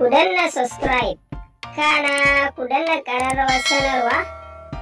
ku danna subscribe kana ku danna ƙararrawar sanarwa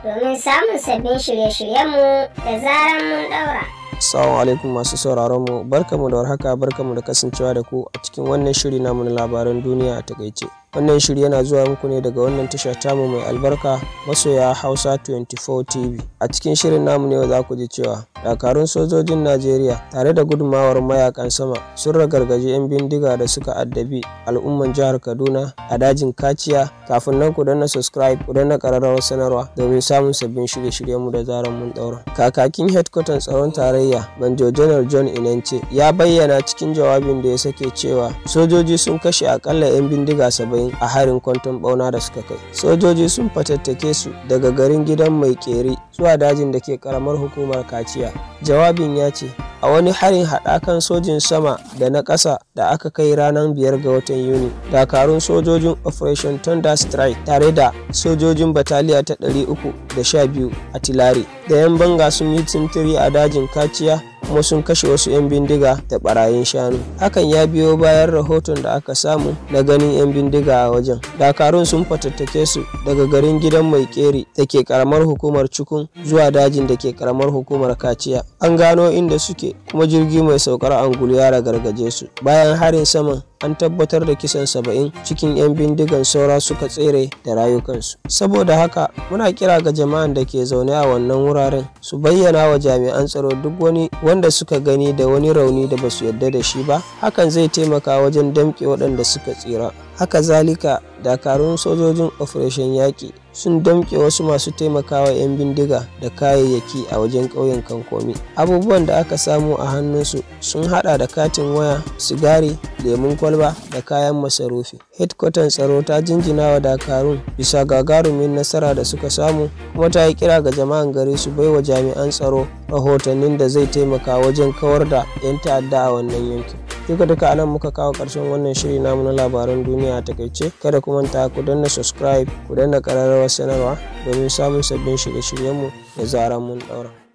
domin samun sabbin shirye-shiryenmu da zarar mun ɗaura. Assalamu alaikum masu sauraron mu barkamu da warhaka barkamu da kasancewa da ku a cikin wannan shiri namu na labaran duniya a takaice. Wannan shiri yana zuwa muku ne daga wannan tasha tamu mai albarka masoya Hausa 24 TV. A cikin shirin namu ne za ku ji cewa dakarun sojojin Najeriya tare da gudunmawar mayakan sama sun ragargaje 'yan bindiga da suka addabi al'umman jihar Kaduna a dajin Kaciya. Kafin nan ku danna subscribe ku danna kararrawar sanarwa domin samun sabbin shirye-shiryenmu da zarar mun ɗaura. Kakakin headquarters tsaron tarayya Banjo General John Inance ya bayyana cikin jawabin da ya sake cewa sojoji sun kashe akalla 'yan bindiga saba'in arba'in a harin kwanton bauna da suka kai sojoji sun fatattake su daga garin gidan mai kere zuwa dajin da ke karamar hukumar kaciya jawabin ya ce a wani harin haɗakan sojin sama da na ƙasa da aka kai ranar biyar ga watan yuni dakarun sojojin operation thunder strike tare da sojojin bataliya ta 312 a tilari da yan banga sun yi sintiri a dajin kaciya kuma sun kashe wasu 'yan bindiga da barayin shanu hakan ya biyo bayan rahoton da aka samu na ganin 'yan bindiga a wajen dakarun sun fatattake su daga garin gidan mai keri da ke karamar hukumar cikun zuwa dajin da ke karamar hukumar kaciya an gano inda suke kuma jirgi mai saukar angulu ya ragargaje su bayan harin saman an tabbatar da kisan saba'in cikin 'yan bindigan saura suka tsere da rayukansu saboda haka muna kira ga jama'an da ke zaune a wannan wuraren su bayyana wa jami'an tsaro duk wani wanda suka gani da wani rauni da basu su yarda da shi ba hakan zai taimaka wajen damƙe waɗanda suka tsira haka zalika dakarun sojojin operation yaƙi sun damƙe wasu masu taimakawa 'yan bindiga da kayayyaki a wajen ƙauyen kankomi abubuwan da aka samu a hannunsu sun hada da katin waya sigari lemun kwalba da kayan masarufi headquarters tsaro ta jinjina wa dakarun bisa gagarumin nasara da suka samu kuma ta yi kira ga jama'an gari su bai wa jami'an tsaro rahotannin da zai taimaka wajen kawar da 'yan ta'adda a wannan yankin duka duka anan muka kawo karshen wannan shiri namu na labaran duniya a takaice kada ku manta ku danna subscribe ku danna kararrawar sanarwa domin samun sabbin shirye-shiryenmu da zaran mun daura